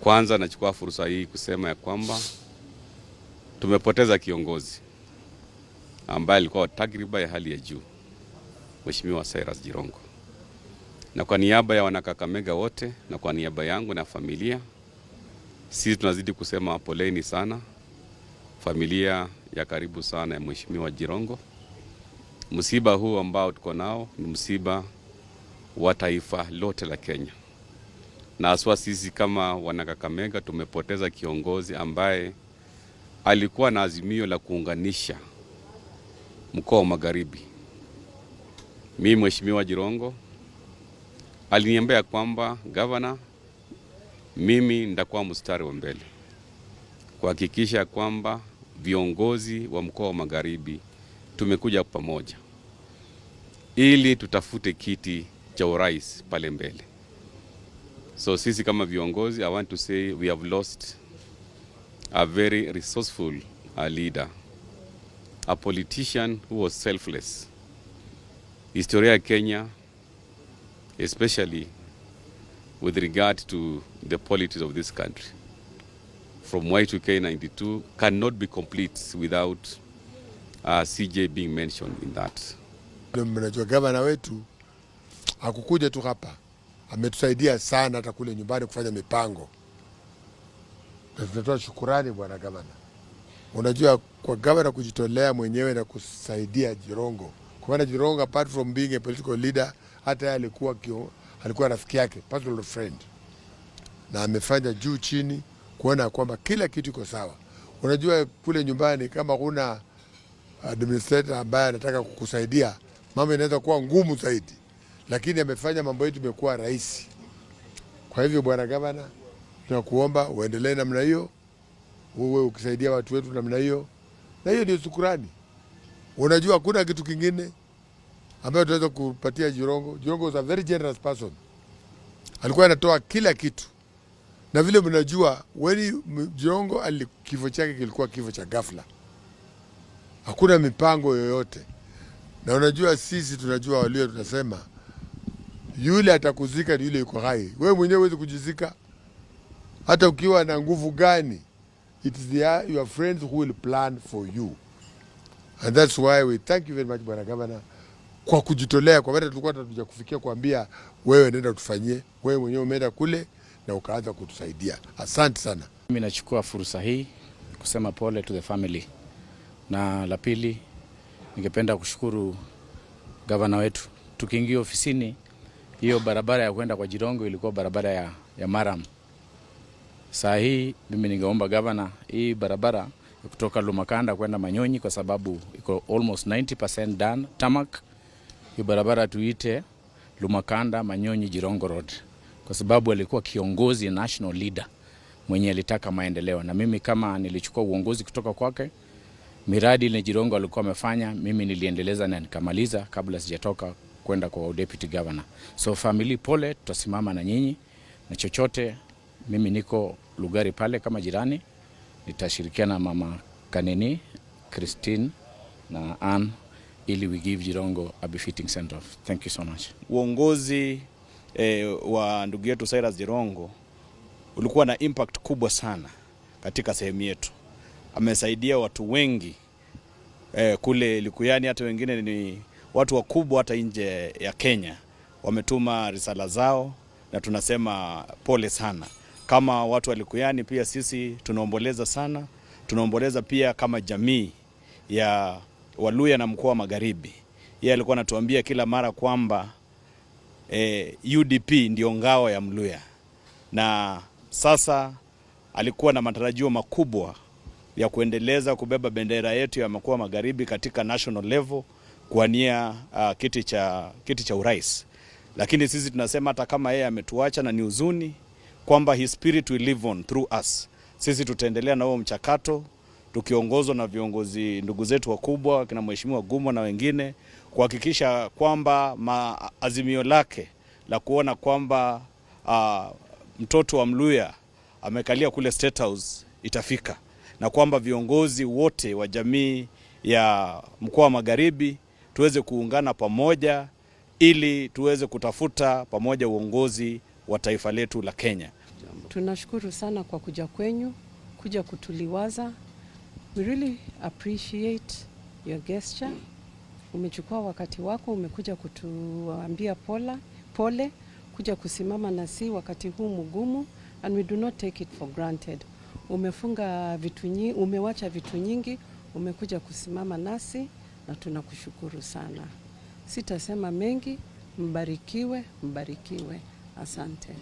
Kwanza nachukua fursa hii kusema ya kwamba tumepoteza kiongozi ambaye alikuwa wa ya hali ya juu, Mheshimiwa Cyrus Jirongo, na kwa niaba ya wanakakamega wote na kwa niaba yangu na familia, sisi tunazidi kusema poleni sana, familia ya karibu sana ya Mheshimiwa Jirongo. Msiba huu ambao tuko nao ni msiba wa taifa lote la Kenya na haswa sisi kama Wanakakamega tumepoteza kiongozi ambaye alikuwa na azimio la kuunganisha mkoa wa Magharibi. Mimi Mheshimiwa Jirongo aliniambia kwamba gavana, mimi nitakuwa mstari wa mbele kuhakikisha kwamba viongozi wa mkoa wa Magharibi tumekuja pamoja ili tutafute kiti cha urais pale mbele. So sisi kama viongozi, I want to say we have lost a very resourceful a leader, a politician who was selfless. Historia ya Kenya especially with regard to the politics of this country from Y2K 92 cannot be complete without uh, CJ being mentioned in that. Mnajua gavana wetu hakukuja tu hapa ametusaidia sana hata kule nyumbani kufanya mipango, na tunatoa shukurani bwana gavana. Unajua, kwa gavana kujitolea mwenyewe na kusaidia Jirongo, kwa maana Jirongo apart from being a political leader, hata yeye alikuwa kio, alikuwa rafiki yake, personal friend, na amefanya juu chini kuona kwamba kila kitu iko sawa. Unajua kule nyumbani kama kuna administrator ambaye anataka kukusaidia, mambo inaweza kuwa ngumu zaidi lakini amefanya mambo yetu imekuwa rahisi. Kwa hivyo, bwana gavana, tunakuomba uendelee namna hiyo, uwe ukisaidia watu wetu namna hiyo, na hiyo ndio shukrani. Unajua hakuna kitu kingine ambayo tunaweza kupatia Jirongo. Jirongo was a very generous person, alikuwa anatoa kila kitu, na vile mnajua weni Jirongo ali kifo chake kilikuwa kifo cha ghafla, hakuna mipango yoyote, na unajua sisi tunajua walio tunasema yule atakuzika ni yule yuko hai. Wewe mwenyewe huwezi kujizika, hata ukiwa na nguvu gani. It is the, your friends who will plan for you and that's why we thank you very much Bwana Gavana kwa kujitolea, kwa maana tulikuwa tunataka kufikia kuambia wewe nenda utufanyie, wewe mwenyewe umeenda kule na ukaanza kutusaidia. Asante sana. Mimi nachukua fursa hii kusema pole to the family, na la pili, ningependa kushukuru gavana wetu tukiingia ofisini hiyo barabara ya kwenda kwa Jirongo ilikuwa barabara ya, ya Maram. Saa hii mimi ningeomba gavana hii barabara kutoka Lumakanda kwenda Manyonyi kwa sababu iko almost 90% done tamak. Hiyo barabara tuite Lumakanda Manyonyi Jirongo Road kwa sababu alikuwa kiongozi national leader mwenye alitaka maendeleo, na mimi kama nilichukua uongozi kutoka kwake, miradi ile Jirongo alikuwa amefanya mimi niliendeleza na nikamaliza kabla sijatoka kwenda kwa deputy governor. So family, pole, tutasimama na nyinyi na chochote. Mimi niko Lugari pale kama jirani, nitashirikiana na mama Kanini Christine na Ann ili we give Jirongo a befitting send off. Thank you so much. Uongozi eh, wa ndugu yetu Cyrus Jirongo ulikuwa na impact kubwa sana katika sehemu yetu. Amesaidia watu wengi eh, kule Likuyani, hata wengine ni watu wakubwa hata nje ya Kenya wametuma risala zao, na tunasema pole sana kama watu wa Likuyani. Pia sisi tunaomboleza sana, tunaomboleza pia kama jamii ya Waluya na mkoa wa Magharibi. Yeye alikuwa anatuambia kila mara kwamba e, eh, UDP ndio ngao ya Mluya, na sasa alikuwa na matarajio makubwa ya kuendeleza kubeba bendera yetu ya mkoa wa Magharibi katika national level kuania uh, kiti cha, kiti cha urais, lakini sisi tunasema hata kama yeye ametuacha na ni huzuni kwamba his spirit will live on through us. Sisi tutaendelea na huo mchakato tukiongozwa na viongozi ndugu zetu wakubwa kina Mheshimiwa gumo na wengine kuhakikisha kwamba azimio lake la kuona kwamba uh, mtoto wa Mluya amekalia kule State House itafika na kwamba viongozi wote wa jamii ya mkoa wa Magharibi tuweze kuungana pamoja ili tuweze kutafuta pamoja uongozi wa taifa letu la Kenya. Tunashukuru sana kwa kuja kwenyu, kuja kutuliwaza. We really appreciate your gesture. Umechukua wakati wako, umekuja kutuambia pola, pole, kuja kusimama nasi wakati huu mgumu, and we do not take it for granted. Umefunga vitu nyingi, umewacha vitu nyingi, umekuja kusimama nasi na tunakushukuru sana. Sitasema mengi, mbarikiwe, mbarikiwe. Asante.